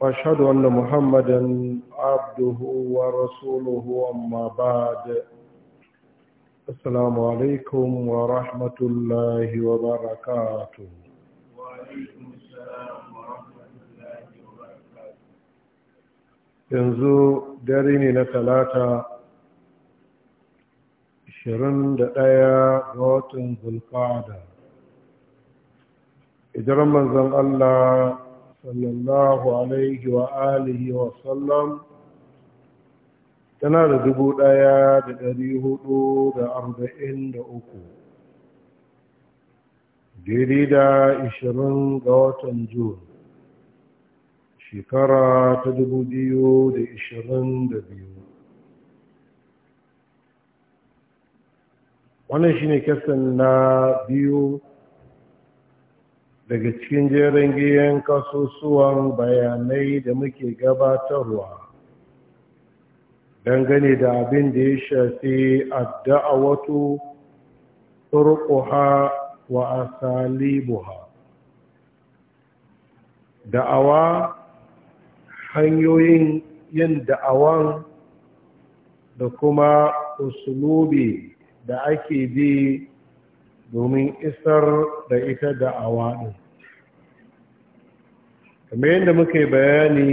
واشهد ان محمدا عبده ورسوله اما بعد السلام عليكم ورحمه الله وبركاته وعليكم السلام ورحمه الله وبركاته yanzu dare ne na talata 21 ga watan zulqa'ada idan manzon Allah صلى الله عليه وآله وسلم tana da dubu ɗaya da ɗari hudu da arba'in da uku daidai da ishirin ga watan jun shekara ta dubu biyu da ishirin da biyu wannan shine kasan na biyu daga cikin jerin giyan kasusuwan bayanai da muke gabatarwa dangane da abin da ya shafi adda'awatu turkuha wa salibuha, da'awa hanyoyin yin da'awan da kuma usulubi da ake bi domin isar da ita da awaɗin kamar yadda muke yi bayani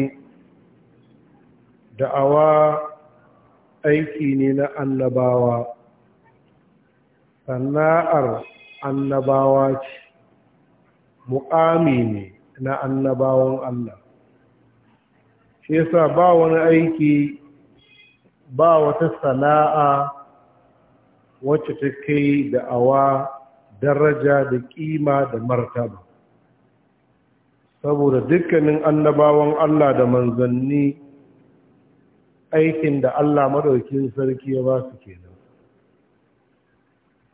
da'awa aiki ne na annabawa sana'ar annabawa ce muƙami ne na annabawan Allah shi yasa ba wani aiki ba wata sana'a wacce ta kai da'awa daraja da kima da martaba saboda dukkanin annabawan Allah da manzanni aikin da Allah madaukin sarki ya ba su kenan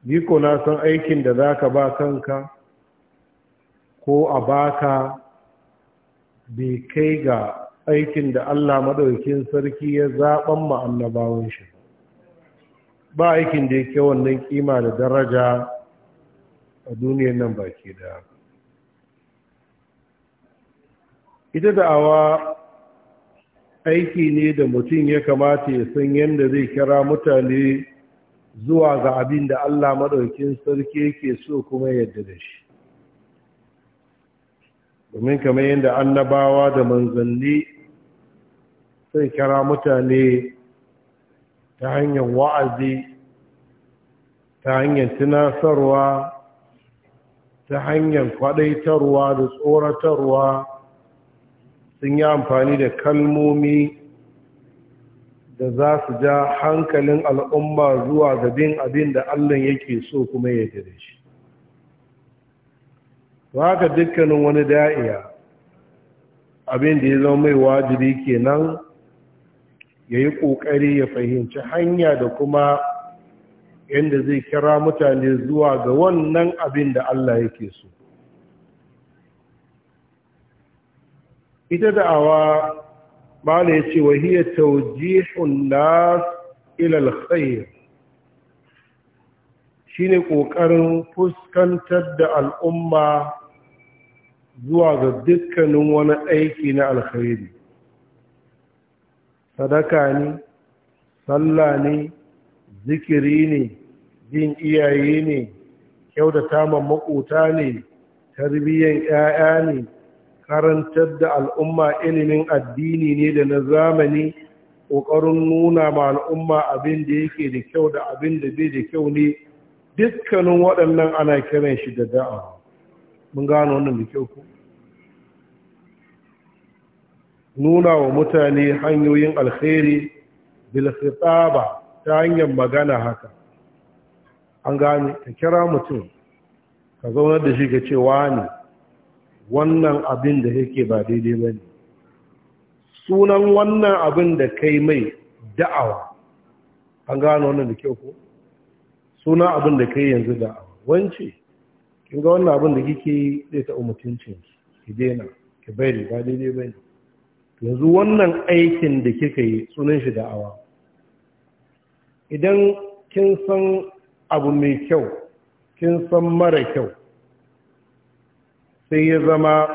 yi na san aikin da zaka ba kanka ko a baka bai kai ga aikin da Allah madaukin sarki ya zaɓan ma annabawan shi ba aikin da yake wannan kima da daraja a duniyar nan baki da ita da'awa aiki ne da mutum ya kamata ya san yadda zai kira mutane zuwa ga abin da Allah maɗaukin sarki ke so kuma yadda da shi domin kamar yadda annabawa da manzanni sai kira mutane ta hanyar wa'azi ta hanyar tunasarwa ta hanyar kwadaitarwa da tsoratarwa sun yi amfani da kalmomi da za su ja hankalin al'umma zuwa gabin abin da Allah yake so kuma ya da shi. To haka dukkanin wani da'iya abin da ya zama mai wajibi kenan ya yi ƙoƙari ya fahimci hanya da kuma yadda zai kira mutane zuwa ga wannan abin da Allah yake so ita da'awa ba ya ce wa hiya taujihun ilal ila Shi ne ƙoƙarin fuskantar da al'umma zuwa ga dukkanin wani aiki na alkhairi sadaka ne sallah ne zikiri ne bin iyaye ne kyautata ma makuta ne tarbiyyar 'ya'ya ne karantar da al'umma ilimin addini ne da na zamani ƙoƙarin nuna ma al'umma abin da yake da kyau da abin da bai da kyau ne dukkanin waɗannan ana kiran shi da da'a mun gano wannan da kyau ku nuna wa mutane hanyoyin alkhairi bil ta hanyar magana haka an gane ka kira mutum ka zaunar da shi ka ce ne wannan abin da yake ba daidai ba ne sunan wannan abin da kai mai da'awa an gane wannan da kyau ko sunan abin da kai yanzu da'awa wance kin ga wannan abin da kike yi zai taɓa mutuncin ki daina ki bari ba daidai ba ne yanzu wannan aikin da kika yi sunan shi da'awa idan kin san abu mai kyau kin san mara kyau sai ya zama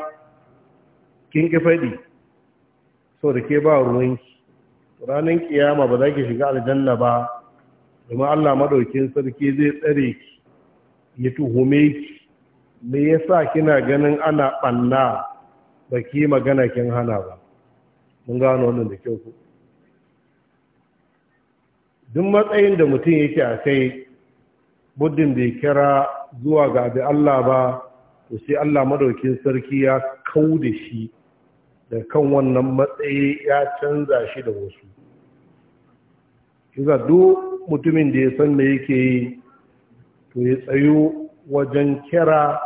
kin ki faɗi sau da ke ba ruwanki ranar kiyama ba za ki shiga aljanna ba domin allah maɗaukin sarki zai tsare ki ya tuhume ki me sa kina ganin ana ɓanna ba ki magana kin hana ba mun gano wannan da kyau ku duk matsayin da mutum yake a kai muddin ya kira zuwa ga abin Allah ba to sai Allah madaukin sarki ya kau da shi da kan wannan matsayi ya canza shi da wasu kiza duk mutumin da ya san me yake yi to ya tsayo wajen kira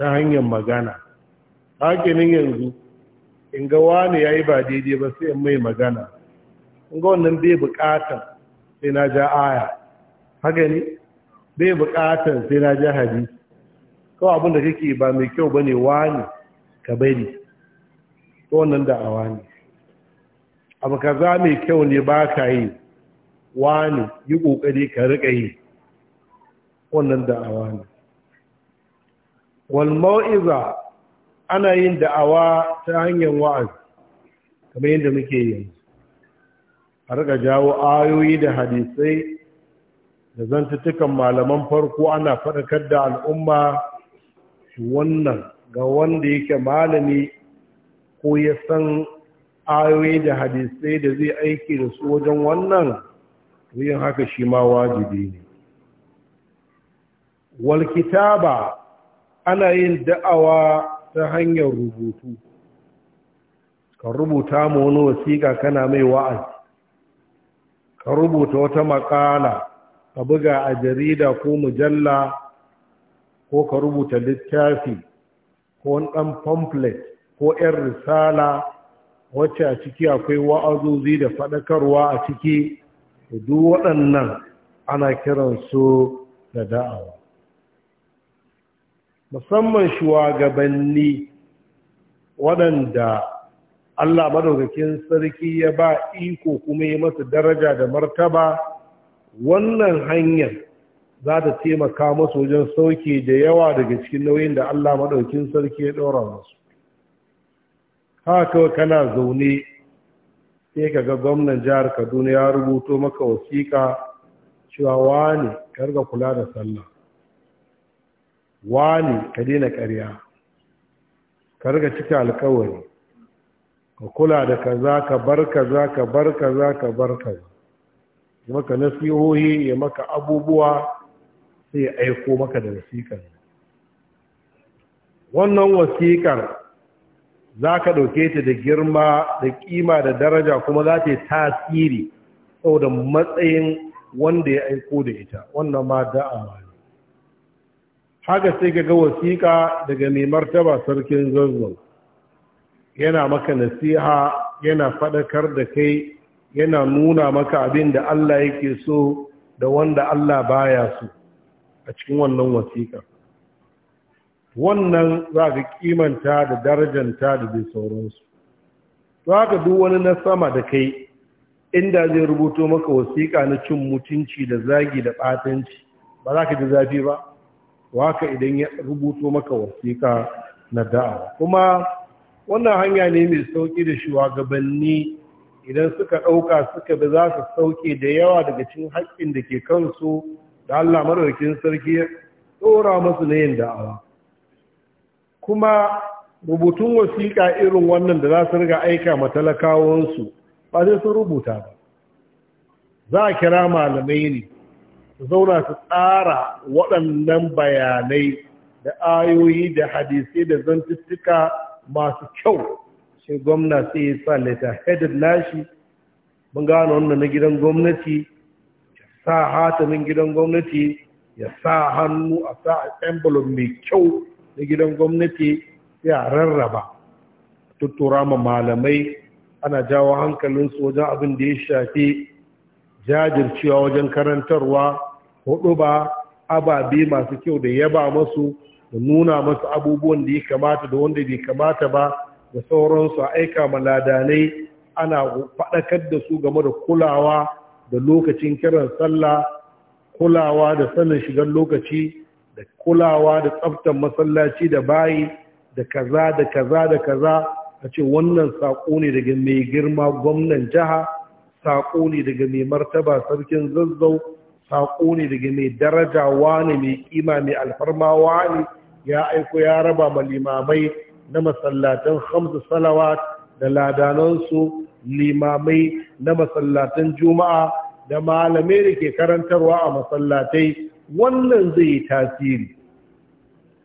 ta hanyar magana hakinin yanzu in ga wani ya yi ba daidai ba sai mai magana in ga wannan bai bukatar sai na ja aya haka ne bai bukatar sai na ji hadisi kawai abin da kake ba mai kyau bane wani ka bari ko wannan da'awa ne abu kaza mai kyau ne ba ka yi wani yi kokari ka rika yi wannan da ne wal mau'iza ana yin da'awa ta hanyar wa'azi kamar yadda muke yanzu a rika jawo ayoyi da hadisai da malaman farko ana faɗakar da al'umma wannan ga wanda yake malami ko ya san ayoyi da hadisai da zai aiki da su wajen wannan yin haka shi ma wajibi ne walkitaba ana yin da'awa ta hanyar rubutu ka rubuta ma wani wasiƙa kana mai wa'azi ka rubuta wata maƙala ka buga a jarida ko mujalla ko ka rubuta littafi ko wani ɗan pamphlet ko 'yan risala wacce a ciki akwai wa'azuzi da faɗakarwa a ciki duk waɗannan ana kiransu da da'awa musamman shugabanni waɗanda Allah madaukakin sarki ya ba iko kuma ya masa daraja da martaba wannan hanyar za ta taimaka masu wajen sauke da yawa daga cikin nauyin da Allah maɗaukin sarki ya ɗora masu haka kana zaune sai ka ga gwamnan jihar kaduna ya rubuto maka wasiƙa cewa wani karga kula da sallah wani ka daina ƙarya karga cika alkawari ka kula da kaza ka bar kaza ka bar kaza ka bar kaza ya maka nasihohi ya maka abubuwa sai ya aiko maka da wasiƙar wannan wasiƙar za ka ɗauke ta da girma da ƙima da daraja kuma za ta yi tasiri saboda matsayin wanda ya aiko da ita wannan ma da'awa ne haka sai ga wasiƙa daga mai martaba sarkin zazzau yana maka nasiha yana faɗakar da kai yana nuna maka abin da Allah yake so da wanda Allah baya so a cikin wannan wasiƙa wannan za ka kimanta da darajanta da dai sauransu to haka duk wani na sama da kai inda zai rubuto maka wasiƙa na cin mutunci da zagi da ɓatanci ba za ka ji zafi ba haka idan ya rubuto maka wasiƙa na da'a? kuma wannan hanya ne mai sauƙi da shugabanni idan suka ɗauka suka bi za su sauke da yawa daga cikin haƙƙin da ke kansu da Allah maraukin sarki ya tsora masu na yin da'awa kuma rubutun wasiƙa irin wannan da za su riga aika matalakawansu ba sai sun rubuta ba za a kira malamai ne su zauna su tsara waɗannan bayanai da ayoyi da hadisai da zantuttuka masu kyau sai gwamna sai ya sa leta headed nashi mun gano wannan na gidan gwamnati ya sa hatamin gidan gwamnati ya sa hannu a sa envelope mai kyau na gidan gwamnati sai a rarraba tuttura ma malamai ana jawo hankalinsu wajen abin da ya shafi jajircewa wajen karantarwa hudu ba ababe masu kyau da yaba masu da nuna masu abubuwan da ya kamata da wanda bai kamata ba da sauransu a aika maladanai ana faɗakar da su game da kulawa da lokacin kiran sallah kulawa da sanin shigar lokaci da kulawa da tsaftar masallaci da bayi da kaza da kaza da kaza a ce wannan saƙo ne daga mai girma gwamnan jiha saƙo ne daga mai martaba sarkin zazzau saƙo ne daga mai daraja ne mai kima mai alfarmawa ne ya aiko ya raba ma limamai na masallatan hamsu salawat da ladanansu limamai na masallatan juma'a da malamai da ke karantarwa a masallatai wannan zai yi tasiri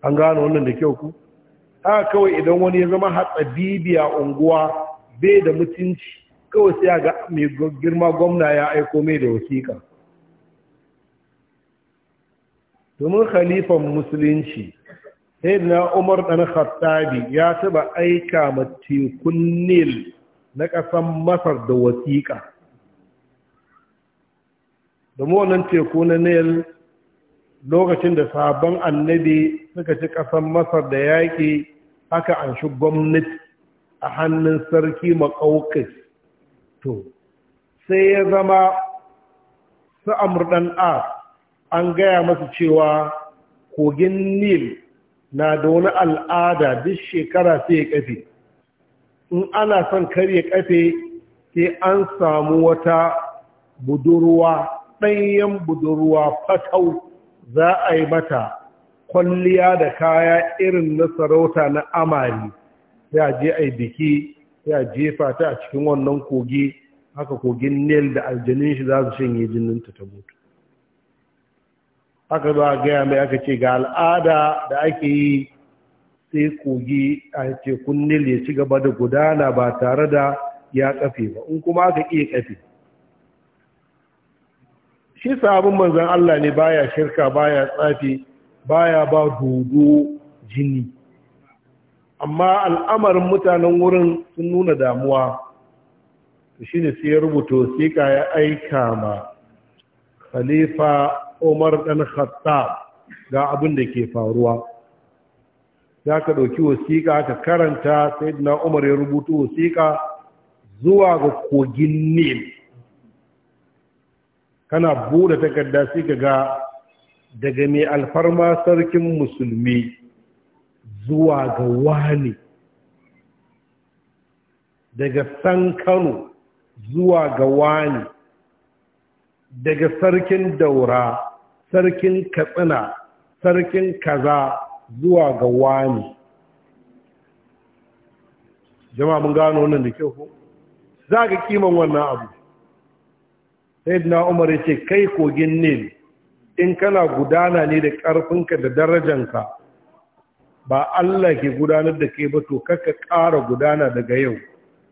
an gano wannan da kyau ku haka kawai idan wani ya zama hatsa bibiya unguwa bai da mutunci kawai sai ga mai girma gwamna ya aiko mai da wasiƙa domin khalifan musulunci sai na umar ɗan khattabi ya taɓa aika ma tekun nil na ƙasan masar da wasiƙa domin wannan teku na nil lokacin da sabon annabi suka ci ƙasan masar da yaƙi aka anshi gwamnati a hannun sarki maƙauƙis to sai ya zama su amurɗan a an gaya masa cewa kogin nil na da wani al'ada duk shekara sai ya kafe in ana son kar ya kafe sai an samu wata budurwa ɗanyen budurwa fatau za a yi mata kwalliya da kaya irin na sarauta na amari ya je a biki ya jefa ta a cikin wannan kogi haka kogin nil da aljanin shi za su shanye jininta ta mutu aka zo a gaya mai aka ce ga al'ada da ake yi sai kogi a tekun nil ya ci gaba da gudana ba tare da ya kafe ba in kuma aka iya kafe shi sabon manzan Allah ne baya shirka baya tsafi baya ba dodo jini amma al'amarin mutanen wurin sun nuna damuwa shi ne sai ya rubuta wasiƙa ya aika ma khalifa umar ɗan khattab ga abin da ke faruwa ya ka ɗauki wasiƙa ka karanta sai na umar ya rubuta wasiƙa zuwa ga kogin nil kana buɗe takarda sai ka ga daga mai alfarma sarkin musulmi zuwa ga wani daga san kano zuwa ga wani daga sarkin daura sarkin katsina sarkin kaza zuwa ga wani jama'a mun gano wannan da kyau ko za ga kiman wannan abu sai na umar ya ce kai kogin nil in kana gudana ne da ƙarfinka da darajanka ba Allah ke gudanar da kai ba to kaka ƙara gudana daga yau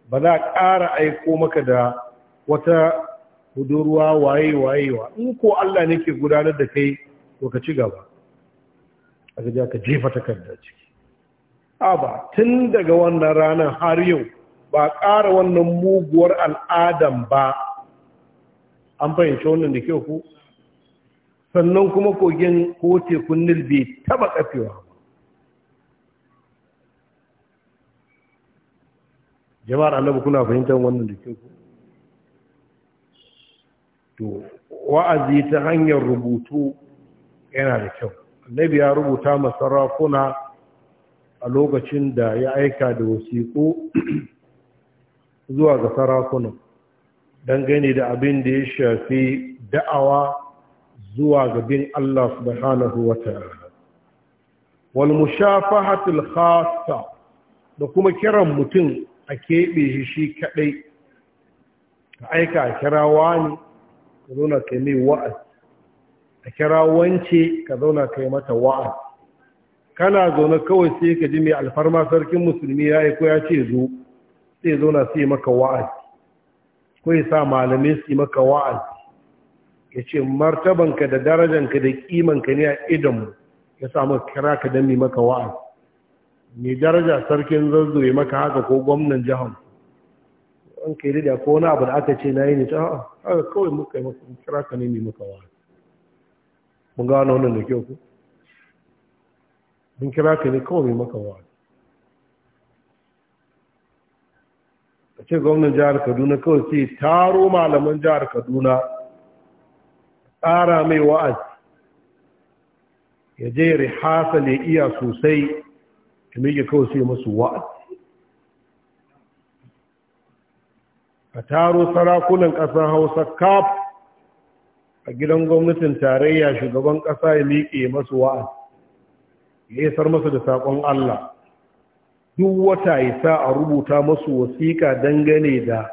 ba za ƙara aiko maka da wata kudurwa waye wayewa in ko Allah ne ke gudanar da kai to ka ci gaba aka ka jefa takarda ciki ba tun daga wannan ranar har yau ba ƙara wannan muguwar al'adam ba an fahimci wannan da kyau ku sannan kuma kogin ko tekun nil bai taba kafewa jama'ar annabi kuna fahimtar wannan da kyau ku to wa'azi ta hanyar rubutu yana da kyau annabi ya rubuta masarakuna a lokacin da ya aika da wasiƙo zuwa ga sarakunan dangane da abin da ya shafi da'awa zuwa ga bin Allah subhanahu wa ta'ala wal mushafahatul khassa da kuma kiran mutum a keɓe shi shi kaɗai aika a kirawa ne ka zauna ka yi mai wa'az a kira wance ka zauna ka yi mata wa'az kana zaune kawai sai ka ji mai alfarma sarkin musulmi ya ko ya ce zo sai zauna sai maka wa'az ko ya sa malamai su yi maka wa'az ya ce martabanka da darajanka da kimanka ne a idon ya samu kira ka don mai maka wa'az mai daraja sarkin zazzo ya maka haka ko gwamnan jihar an kai rida ko wani abu da aka ce na yi ne ta ah, haka kawai muka yi maka kira ka ne mai maka wa mun gano wannan da kyau ku mun kira ka ne kawai mai maka wa a ce gwamnan jihar kaduna kawai sai taro malaman jihar kaduna tsara mai wa'azi ya je rihasa ne iya sosai ya miƙe kawai sai masu wa'azi a taro sarakunan ƙasar hausa kaf a gidan gwamnatin tarayya shugaban ƙasa ya miƙe masu wa'a ya isar masu da saƙon Allah duk wata ya sa a rubuta masu wasiƙa dangane da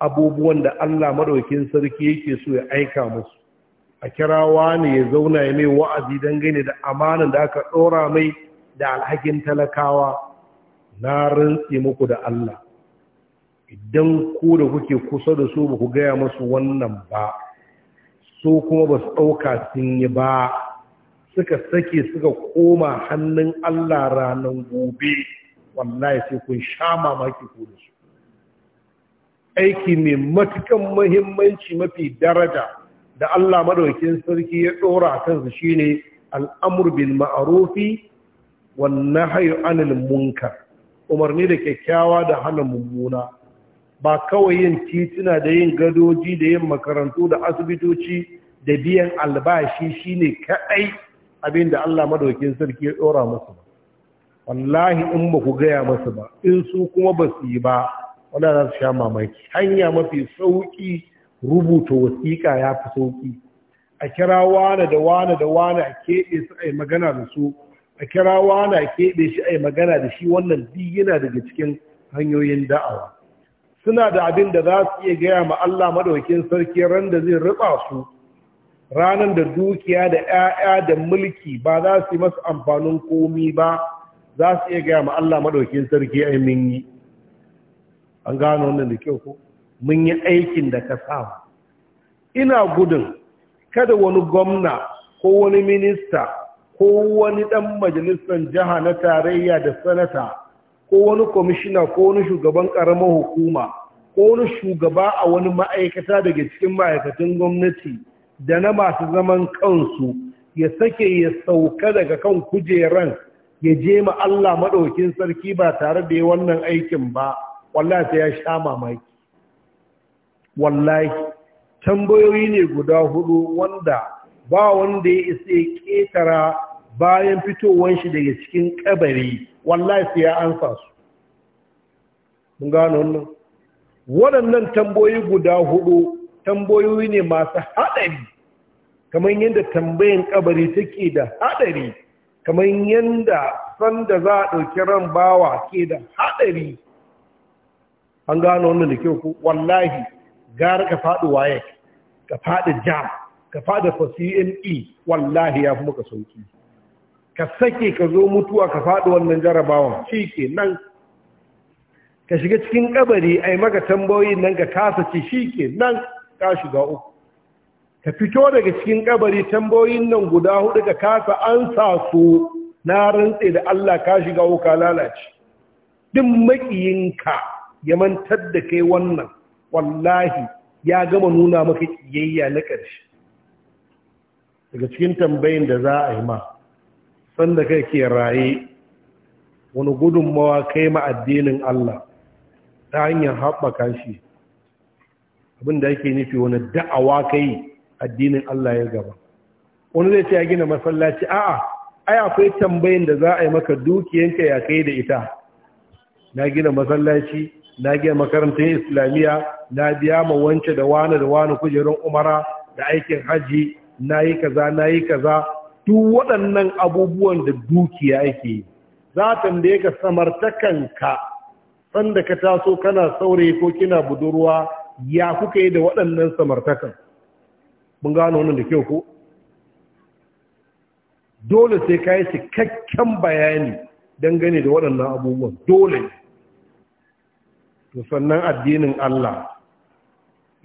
abubuwan da Allah maɗaukin sarki yake so ya aika musu a kirawa ne ya zauna ya mai wa'azi dangane da amanan da aka ɗora mai da alhakin talakawa na rantse muku da Allah idan ku da kuke kusa da su ba ku gaya masu wannan ba su kuma ba su ɗauka sun yi ba suka sake suka koma hannun Allah ranar gobe wallahi sai kun sha mamaki ku da su aiki mai matukan mahimmanci mafi daraja da Allah madaukin sarki ya ɗora a kansu shine al'amur bil ma'arufi wannan hayo anil munkar umarni da kyakkyawa da hana mummuna ba kawai yin tituna da yin gadoji da yin makarantu da asibitoci da biyan albashi shi ne kaɗai abinda Allah madaukin sarki ya ɗora musu ba wallahi in ba ku gaya masu ba in su kuma ba su yi ba wanda za su sha mamaki hanya mafi sauƙi rubuta wasiƙa ya fi sauƙi a kira wane da wane da wane a keɓe su a yi magana da su a kira wane a keɓe shi a yi magana da shi wannan biyu yana daga cikin hanyoyin da'awa suna da abin da za su iya gaya ma Allah madaukin sarki ran da zai riba su ranar da dukiya da ƴaƴa da mulki ba za su yi masa amfanin komi ba za su iya gaya ma Allah madaukin sarki ai mun yi an gano wannan da kyau ko mun yi aikin da ka saba. ina gudun kada wani gwamna ko wani minista ko wani dan majalisar jiha na tarayya da sanata ko wani kwamishina ko wani shugaban ƙaramar hukuma ko wani shugaba a wani ma'aikata daga cikin ma'aikatan gwamnati da na masu zaman kansu ya sake ya sauka daga kan kujeran ya je ma Allah maɗaukin sarki ba tare da yi wannan aikin ba wallahi ta ya sha mamaki wallahi tambayoyi ne guda hudu wanda ba wanda ya isa ya ƙetara bayan fitowar shi daga cikin kabari wallahi sai ya ansa su mun gano wannan waɗannan tamboyi guda hudu tamboyoyi ne masu haɗari kamar yadda tambayin kabari take da haɗari kamar yadda sanda za a ɗauki ran bawa ke da haɗari an gano wannan da kyau wallahi gara ka faɗi waye ka faɗi jam ka faɗi fasi'in e, wallahi ya fi muka sauki ka sake ka zo mutuwa ka faɗi wannan jarabawan shi ke nan ka shiga cikin ƙabari a yi maka tambayoyin nan ka kasa ce shi ke nan ka shiga uku ka fito daga cikin ƙabari tambayoyin nan guda hudu ka kasa an sa su na rantse da Allah ka shiga uku ka lalace duk makiyinka ya mantar da kai wannan wallahi ya gama nuna maka kiyayya na ƙarshe daga cikin tambayin da za a yi ma sanda ke raye wani gudunmawa kai ma addinin Allah ta hanyar haɓaka shi abinda yake nufi wani da'awa kai addinin Allah ya gaba wani zai ce ya gina masallaci a'a ai akwai tambayin da za a yi maka dukiyanka ya kai da ita na gina masallaci na gina makarantar islamiyya na biya ma wance da wani da wani kujerun umara da aikin hajji na yi kaza na yi kaza duk waɗannan abubuwan da dukiya yake yi da ya samartakanka sanda ka taso kana saurayi ko kina budurwa ya kuka yi da waɗannan samartakan mun gano wannan da kyau ko dole sai ka yi cikakken bayani dangane da waɗannan abubuwan dole to sannan addinin Allah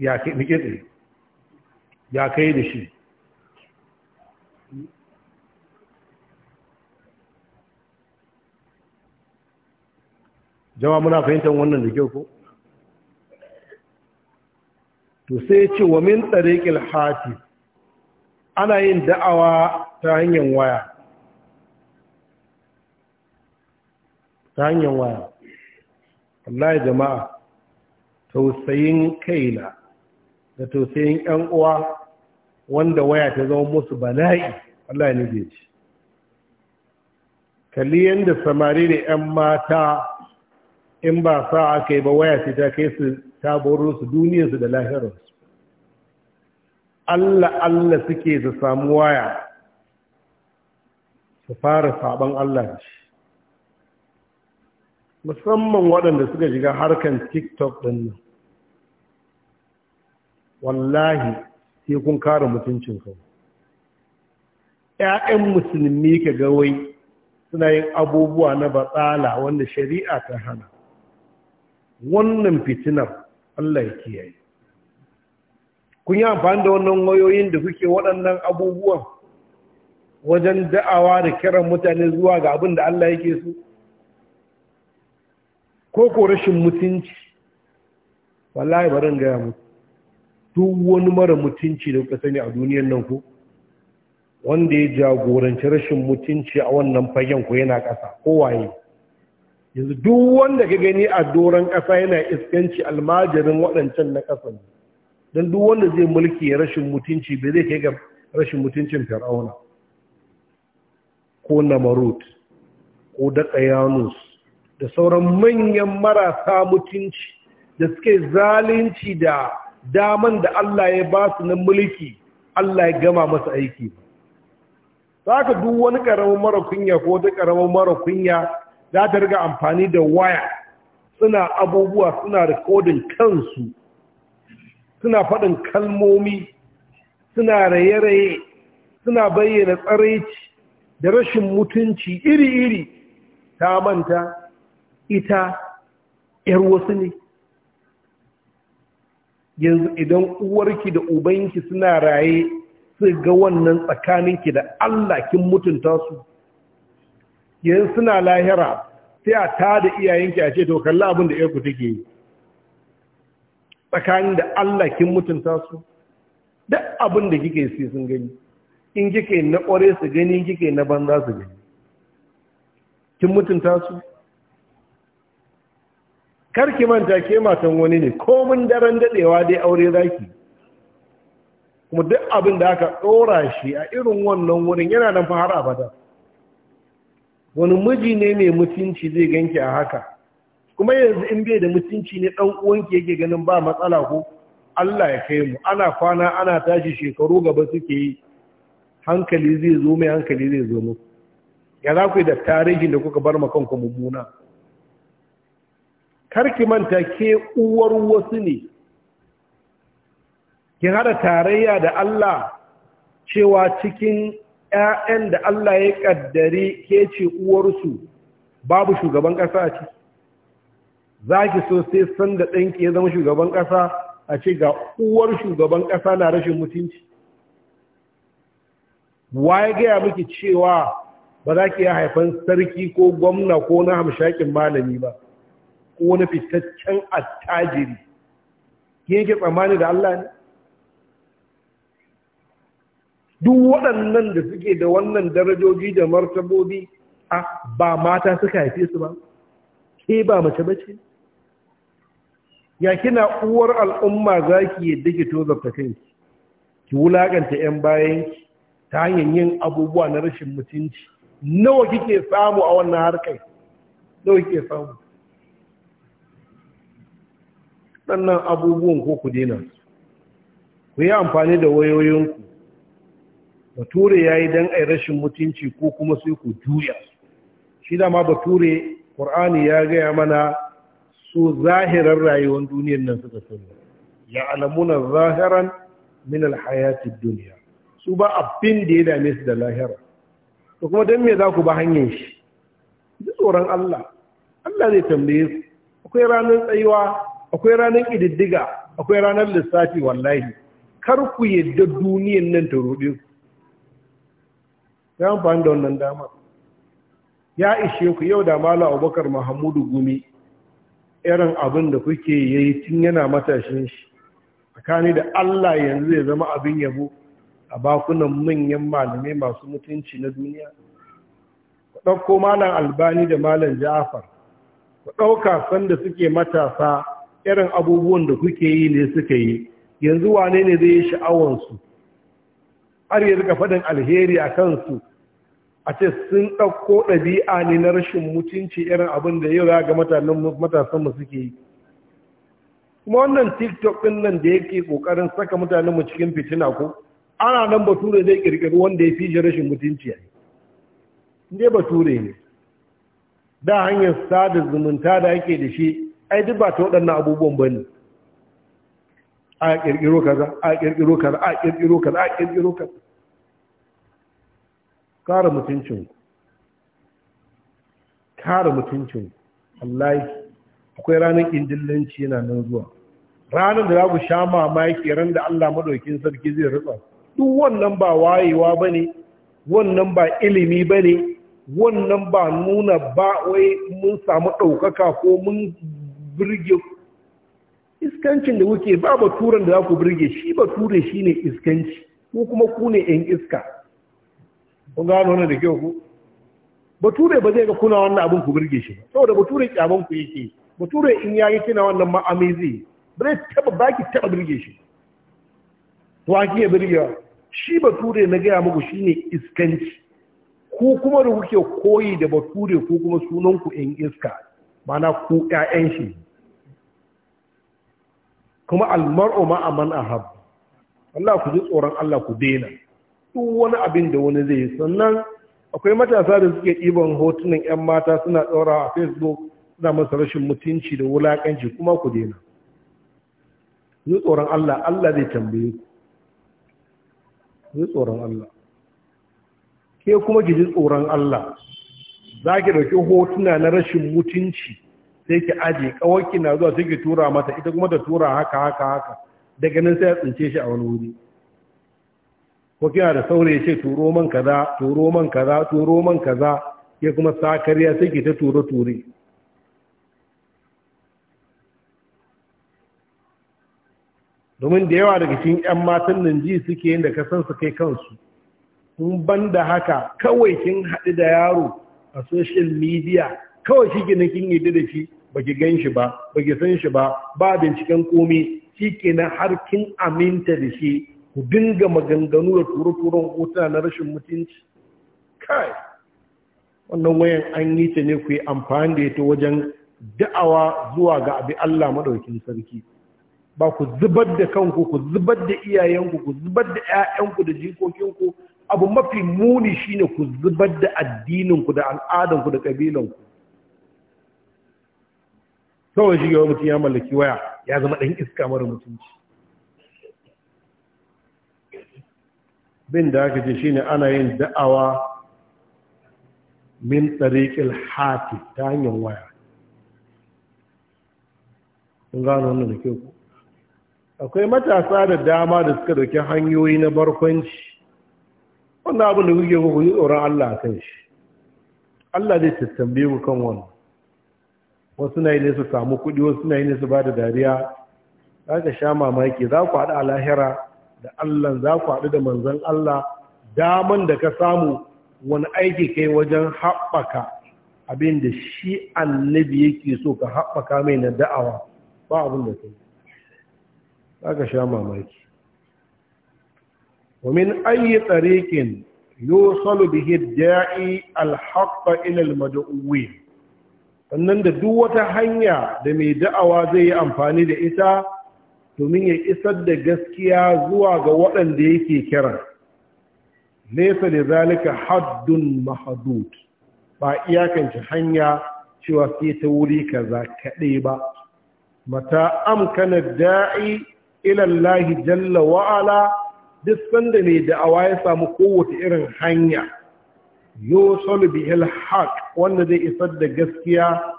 ya kai da shi jama muna fahimtar wannan da kyau ko to sai ce wa min tsariƙil hati ana yin da'awa ta hanyar waya ta hanyar waya Allah jama'a tausayin kaina da tausayin 'yan uwa wanda waya ta zama musu bala'i Allah ya nige ci kalli yadda samari da 'yan mata in ba sa aka yi ba waya ce ta kai su ta boro su su da su Allah Allah suke su samu waya su fara saban Allah da shi musamman waɗanda suka shiga harkan tiktok ɗin nan wallahi sai kun kare mutuncin kan ‘ya'yan musulmi ka gawai suna yin abubuwa na batsala wanda shari'a ta hana wannan fitinar Allah ya kiyaye kun yi amfani da wannan wayoyin da kuke waɗannan abubuwan wajen da'awa da kiran mutane zuwa ga abin da Allah yake so ko ko rashin mutunci wallahi barin gaya mu duk wani mara mutunci da kuka sani a duniyar nan ko wanda ya jagoranci rashin mutunci a wannan fagen ku yana ƙasa waye? yanzu duk wanda ka gani a doron ƙasa yana iskanci almajirin waɗancan na ƙasan don duk wanda zai mulki ya rashin mutunci bai zai kai ga rashin mutuncin fir'auna ko namarut ko daƙayanus da sauran manyan marasa mutunci da suke zalunci da daman da Allah ya ba su na mulki Allah ya gama masa aiki ba za ka duk wani ƙaramin mara kunya ko wata ƙaramin mara kunya za ta riga amfani da waya suna abubuwa suna rikodin kansu suna faɗin kalmomi suna raye-raye suna bayyana tsaraici da rashin mutunci iri-iri ta manta ita ‘yar wasu ne yanzu idan uwarki da ubanki suna raye su ga wannan tsakaninki da Allah kin mutunta su yanzu suna lahira sai a tada iyayenki a ce to kalla abin da ku take yi tsakanin da Allah kin mutunta su duk abin da kike sai sun gani in kike na kware su gani in kike na banza su gani kin mutunta su karki manta ke matan wani ne komin daren dadewa dai aure zaki kuma duk abin da aka dora shi a irin wannan wurin yana nan fa har abada wani miji ne mai mutunci zai ganki a haka kuma yanzu in bai da mutunci ne dan uwanki yake ganin ba matsala ko Allah ya kai mu ana kwana ana tashi shekaru gaba suke yi hankali zai zo mai hankali zai zo mu ya za ku da tarihin da kuka bar ma kanku mummuna karki manta ke uwar wasu ne ki hada tarayya da Allah cewa cikin ‘ya'yan da Allah ya ƙaddare ke ce uwarsu babu shugaban ƙasa a ce. za ki so sai san da ɗanki ya zama shugaban ƙasa a ce ga uwar shugaban ƙasa na rashin mutunci. Wa ya gaya miki cewa ba za ki yi haifan sarki ko gwamna ko na hamshakin malami ba, ko wani fitaccen attajiri, ke yake tsammani da Allah ne? duk waɗannan da suke da wannan darajoji da martabobi a ba mata suka haife su ba ke ba mace bace ya kina uwar al'umma za ki yadda ki tozarta kai? ki wulaƙanta 'yan bayanki ta hanyar yin abubuwa na rashin mutunci nawa kike samu a wannan harkar nawa kike samu ɗannan abubuwan ko ku dina su ku yi amfani da wayoyinku bature ya yi don ai rashin mutunci ko kuma sai ku juya shi dama bature Kur'ani ya gaya mana su zahirar rayuwar duniyar nan suka sani ya alamuna zahiran min alhayatid duniya su ba abin da ya dame su da lahira to kuma don me za ku ba hanyar shi ji tsoron Allah Allah zai tambaye su akwai ranar tsayuwa akwai ranar ƙididdiga akwai ranar lissafi wallahi kar ku yadda duniyar nan ta roɗe ku ya amfani da wannan damar ya ishe ku yau da mala abubakar mahamudu gumi irin abin da kuke yayi tun yana matashin shi tsakani da allah yanzu ya zama abin yabo a bakunan manyan malamai masu mutunci na duniya ku ɗauko malam albani da malam ja'afar ku ɗauka sanda suke matasa irin abubuwan da kuke yi ne suka yi yanzu wane ne zai yi sha'awansu har yi rika faɗin alheri a kansu a ce sun ɗauko ɗabi'a ne na rashin mutunci irin abin da yau ya ga matasanmu suke yi kuma wannan tiktok ɗin nan da yake ƙoƙarin saka mutanenmu cikin fitina ko ana nan bature zai ƙirƙiri wanda ya fi shi rashin mutunci ya ne bature ne da hanyar sada zumunta da ake da shi ai duk ba ta waɗannan abubuwan ba ne a ƙirƙiro kaza a ƙirƙiro kaza a ƙirƙiro kaza a ƙirƙiro kaza kare mutuncinku kare ku wallahi akwai ranar indillanci yana nan zuwa ranar da za ku sha mamaki ran da Allah madaukin sarki zai rutsa duk wannan ba wayewa bane wannan ba ilimi bane wannan ba nuna ba wai mun samu ɗaukaka ko mun birge iskancin da kuke ba baturen da za ku birge shi bature shi ne iskanci ko kuma ku ne 'yan iska kun gano wannan da kyau ku bature ba zai ga kuna wannan abin ku birge shi ba saboda bature kyaban ku yake bature in yayi kina wannan ma amizi ba zai taba baki taba birge shi to an kiye birgewa shi bature na gaya muku shine iskanci ku kuma da kuke koyi da bature ku kuma sunan ku in iska mana ku ƴaƴan shi kuma almar'u ma aman ahab Allah ku ji tsoron Allah ku daina duk wani abin da wani zai yi sannan akwai matasa da suke ɗiban hotunan 'yan mata suna ɗora a facebook suna masa rashin mutunci da wulaƙanci kuma ku dena. yi tsoron allah allah zai tambaye ku yi tsoron allah ke kuma ki ji tsoron allah za ki ɗauki hotuna na rashin mutunci sai ki aje ƙawarki na zuwa sai ki tura mata ita kuma ta tura haka haka haka daga nan sai ya tsince shi a wani wuri ko kina da saurayi ce turo man kaza turo man kaza turo man kaza ya kuma sakariya sai ta turo ture domin da yawa daga cikin 'yan matan nan ji suke yin da kasan su kai kansu sun ban da haka kawai kin haɗu da yaro a social media kawai shi gina kin yi da shi baki ki gan shi ba baki san shi ba ba binciken komi shi kenan har kin aminta da shi ku dinga maganganu da turo-turon na rashin mutunci kai wannan wayan an yi ta ne ku yi amfani da ita wajen da'awa zuwa ga abi Allah madaukin sarki ba ku zubar da kanku ku zubar da iyayenku ku zubar da ƴaƴanku da jikokinku abu mafi muni shine ku zubar da addininku da al'adanku da kabilanku kawai shi ga mutum ya mallaki waya ya zama ɗan iska mara mutunci bin da aka ce shine ana yin da'awa min tsariƙil haki ta hanyar waya sun gano wannan da ke akwai matasa da dama da suka dauki hanyoyi na barkwanci wannan abin da kuke kuku yi tsoron Allah a kan shi Allah zai tattambe ku kan wannan wasu na yi ne su samu kuɗi wasu na yi ne su ba da dariya za ka sha mamaki za ku haɗa a lahira da Allah za ku haɗu da manzan Allah daman da ka samu wani aiki kai wajen haɓaka abinda da shi annabi yake so ka haɓaka mai na da'awa ba abin da kai za ka sha mamaki ومن أي طريق يوصل به الداعي الحق إلى المدعوين sannan da duk wata hanya da mai da'awa zai yi amfani da ita domin ya isar da gaskiya zuwa ga waɗanda yake kira nesa da zalika haddun mahadud ba iyakance hanya cewa sai ta wuri kaza kaɗe ba mata amkana da'i ilallahi jalla wa'ala duk sanda mai da'awa ya samu kowace irin hanya sol bihil haq wanda zai isar da gaskiya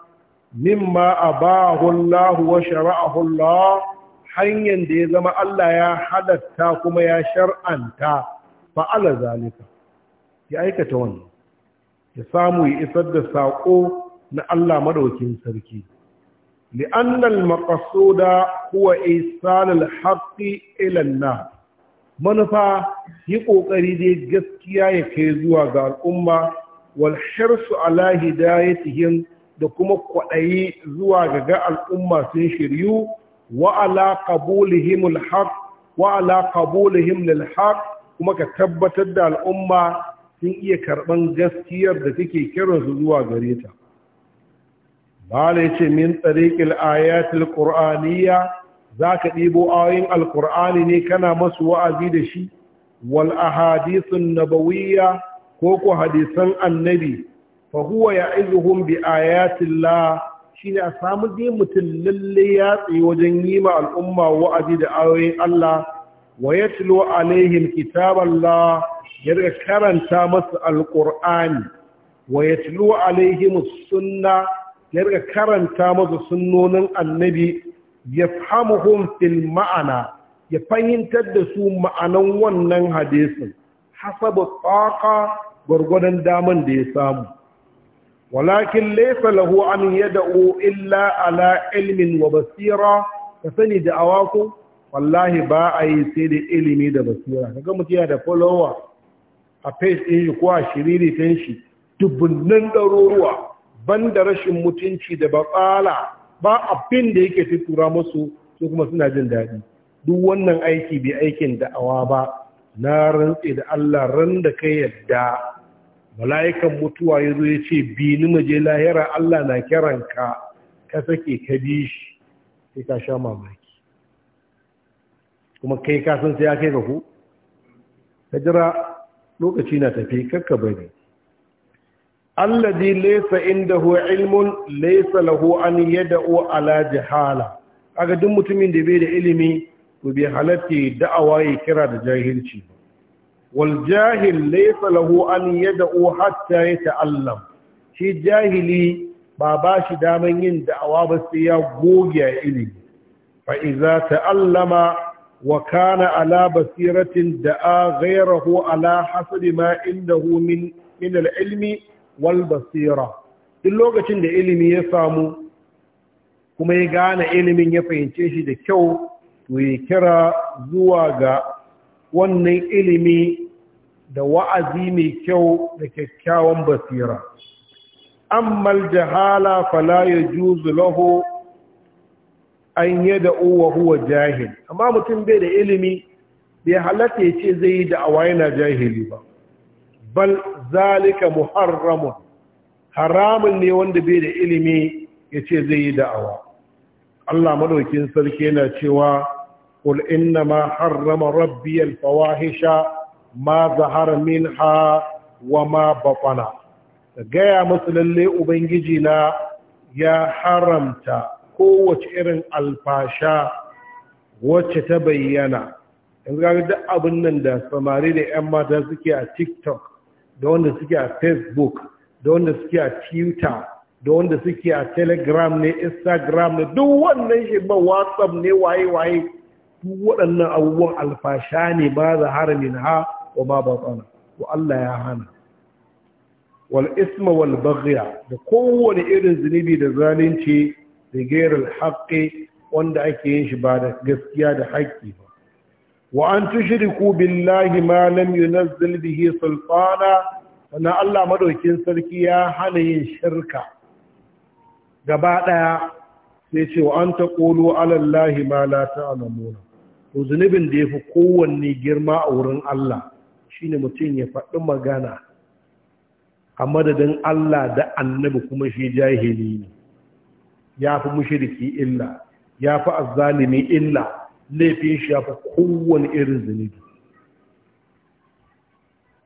mimma abahu Allah wa shara'ahu Allah hanyar da ya zama Allah ya hadatta kuma ya shar'anta fa'ala zalika ya aikata wannan ya samu ya isar da saƙo na Allah madaukin sarki li'annal maqsuda huwa isalul haqqi ila an manufa yi ƙoƙari dai gaskiya ya kai zuwa ga al'umma wal hirsu ala hidayatihim da kuma kwaɗayi zuwa ga ga al'umma sun shiryu wa ala qabulihim alhaq wa ala kuma ka tabbatar da al'umma sun iya karban gaskiyar da kake kiransu zuwa gare ta bala yace min tariqil ayatil qur'aniyya zaka dibo ayoyin Alƙur'ani ne kana masu wa'azi da shi wal ahadithun nabawiyya ko ku hadisan annabi fa huwa ya'izuhum bi ayatillah shine a samu dai mutum lalle ya tsaye wajen yi ma al'umma wa'azi da ayoyin Allah wa yatlu alaihim kitaballah ya riga karanta masu alqur'ani wa yatlu alaihim sunna ya riga karanta masu sunnonin annabi yafhamuhum fil ma'ana ya fahimtar da su ma'anan wannan hadisin hasabu tsaƙa gwargwadon daman da ya samu walakin laysa lahu an yad'u illa ala ilmin wa basira ka sani da awako wallahi ba a yi sai da ilimi da basira kaga mutum yana da follower a page ɗin shi ko a shiriritan shi dubunnan ɗaruruwa ban da rashin mutunci da batsala ba abin da yake tuttura musu su kuma suna jin daɗi duk wannan aiki bai aikin da'awa ba na rantse da Allah ran da ka yadda mala'ikan mutuwa ya zo ya ce bi ni maje lahira Allah na kiranka ka sake ka bi shi sai ka sha mamaki kuma kai ka san sai ya kai ka ku ka jira lokaci na tafi kakka bari alladhi laysa indahu ilmun laysa lahu an yad'u ala jahala kaga duk mutumin da bai da ilimi to bi halatta da'awa ya kira da jahilci Waljahil jahil laysa lahu an yad'u hatta yata'allam shi jahili ba bashi daman yin da'awa ba sai ya goge ilimi Fa'iza ta'allama wa kana ala basiratin da'a ghayrahu ala hasabi ma indahu min min al-ilmi wal duk lokacin da ilimi ya samu kuma ya gane ilimin ya fahimce shi da kyau to ya kira zuwa ga wannan ilimi da wa'azi mai kyau da kyakkyawan basira ammal jahala fala juzu laho an da uwa huwa jahil amma mutum bai da ilimi bai halatta ce zai yi da'awa yana jahili ba bal zalika muharramun haramun ne wanda bai da ilimi ya ce zai yi da'awa Allah madaukin sarki yana cewa قل إنما حرم ربي الفواحش ما ظهر منها bafana. Ka gaya musu lalle ubangiji na ya haramta kowace irin alfasha wacce ta bayyana in gaga duk abin nan da samari da 'yan mata suke a tiktok da wanda suke a facebook da wanda suke a twitter da wanda suke a telegram ne instagram ne duk wannan shi ba whatsapp ne waye-waye duk waɗannan abubuwan alfasha ne ba za haramin ha wa ma ba tsana Allah ya hana wal isma wal baghya da kowane irin zunubi da zalunci da gairar haƙƙi wanda ake yin shi ba da gaskiya da haƙƙi ba wa an tushriku billahi ma lam yunzil bihi sultana Allah madaukin sarki ya hana yin shirka gaba ɗaya sai ce wa an taqulu ala allahi ma la ta'lamuna to zunubin da ya fi kowanne girma a wurin Allah shi ne mutum ya faɗi magana a madadin Allah da annabi kuma shi jahili ne ya fi mushiriki illa ya fi azalimi illa laifin shi ya fi kowanne irin zunubi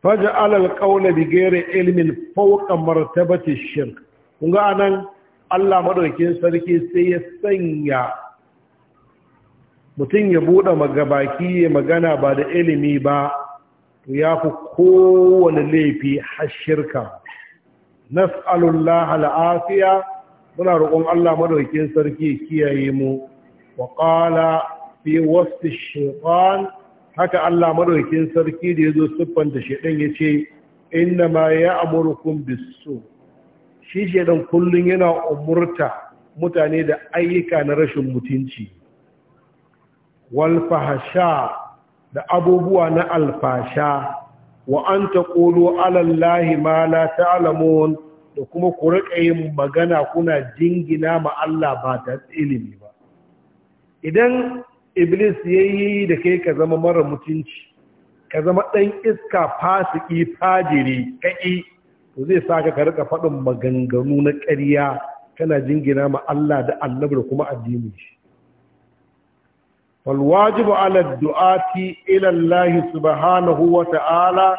faja alal kaula bi gairi ilmin fauka martabati shirk kun ga anan Allah madaukin sarki sai ya sanya mutum ya buɗe magabaki ya magana ba da ilimi ba to ya fi kowane laifi hashirka nas'alullah al'afiya muna roƙon Allah madaukakin sarki kiyaye mu wa qala fi wasfi shaytan haka Allah madaukakin sarki da yazo siffanta shaytan yace inna ma ya'murukum bis-su shi shaytan kullum yana umurta mutane da ayyuka na rashin mutunci walfahasha da abubuwa na alfasha wa an ta ƙolo alallahi ma la ta'alamun da kuma ku riƙa yin magana kuna jingina ma Allah ba ta ilimi ba idan iblis ya yi da kai ka zama mara mutunci ka zama ɗan iska fasiki fajiri kaƙi to zai sa ka riƙa faɗin maganganu na karya, kana jingina ma Allah da annabi da kuma addini shi فالواجب على الدعاة إلى الله سبحانه وتعالى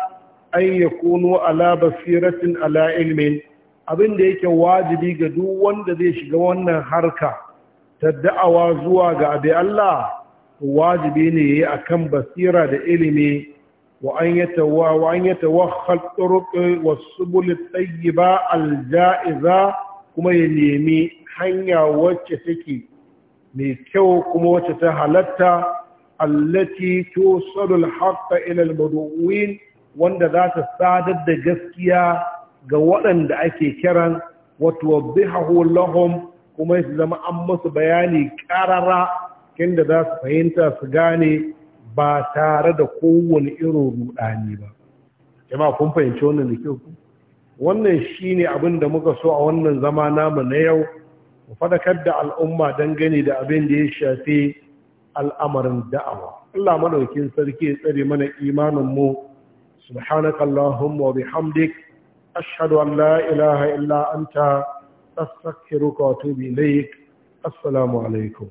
أن يكونوا على بصيرة على علم abin da yake wajibi ga duk wanda zai shiga wannan harka ta da'awa zuwa ga abin Allah wajibi ne yayi akan basira da ilimi wa an yatawa wa an yatawakhal turuq was kuma ya nemi hanya wacce take mai kyau kuma wacce ta halatta allati tusalul haqqa ila al wanda za ta sadar da gaskiya ga waɗanda ake kiran wato bihahu lahum kuma su zama an musu bayani ƙarara kinda za su fahimta su gane ba tare da kowane irin rudani ba jama'a kun fahimci wannan da kyau wannan shine abin da muka so a wannan zama namu na yau mu faɗakar da al'umma dangane da abin da ya shafi al'amarin da'awa Allah maɗaukin sarki ya tsare mana imanin mu subhanaka allahumma wa bihamdik ashhadu an la ilaha illa anta astaghfiruka assalamu alaikum